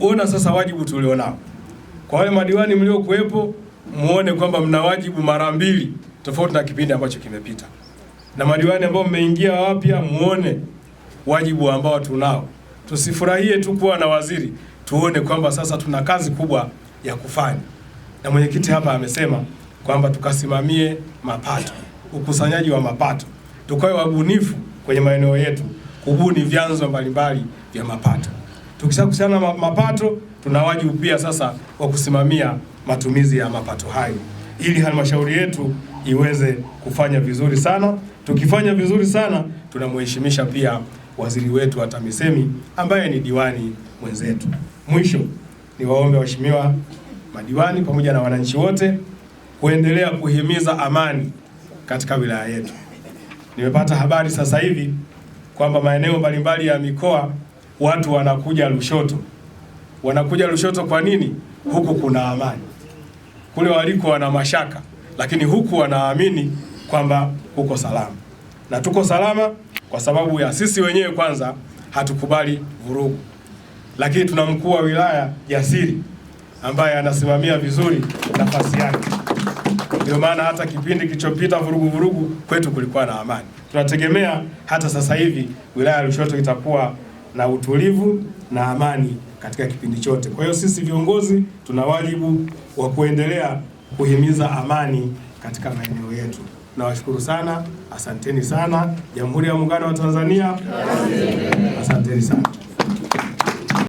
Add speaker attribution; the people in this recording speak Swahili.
Speaker 1: Ona sasa wajibu tulionao kwa wale madiwani mliokuwepo, muone kwamba mna wajibu mara mbili tofauti na kipindi ambacho kimepita, na madiwani ambao mmeingia wapya, muone wajibu ambao tunao. Tusifurahie tu kuwa na waziri, tuone kwamba sasa tuna kazi kubwa ya kufanya. Na mwenyekiti hapa amesema kwamba tukasimamie mapato, ukusanyaji wa mapato, tukawe wabunifu kwenye maeneo yetu, kubuni vyanzo mbalimbali vya mapato. Tukishakusana mapato, tuna wajibu pia sasa wa kusimamia matumizi ya mapato hayo ili halmashauri yetu iweze kufanya vizuri sana. Tukifanya vizuri sana, tunamheshimisha pia waziri wetu wa TAMISEMI ambaye ni diwani mwenzetu. Mwisho ni waombe waheshimiwa madiwani pamoja na wananchi wote kuendelea kuhimiza amani katika wilaya yetu. Nimepata habari sasa hivi kwamba maeneo mbalimbali ya mikoa watu wanakuja Lushoto. Wanakuja Lushoto kwa nini? Huku kuna amani, kule waliko wana mashaka, lakini huku wanaamini kwamba huko salama, na tuko salama kwa sababu ya sisi wenyewe. Kwanza hatukubali vurugu, lakini tuna mkuu wa wilaya jasiri ambaye anasimamia vizuri nafasi yake. Ndio maana hata kipindi kilichopita vurugu vurugu kwetu kulikuwa na amani. Tunategemea hata sasa hivi wilaya ya Lushoto itakuwa na utulivu na amani katika kipindi chote. Kwa hiyo sisi viongozi tuna wajibu wa kuendelea kuhimiza amani katika maeneo yetu. Nawashukuru sana, asanteni sana. Jamhuri ya Muungano wa Tanzania, asanteni sana.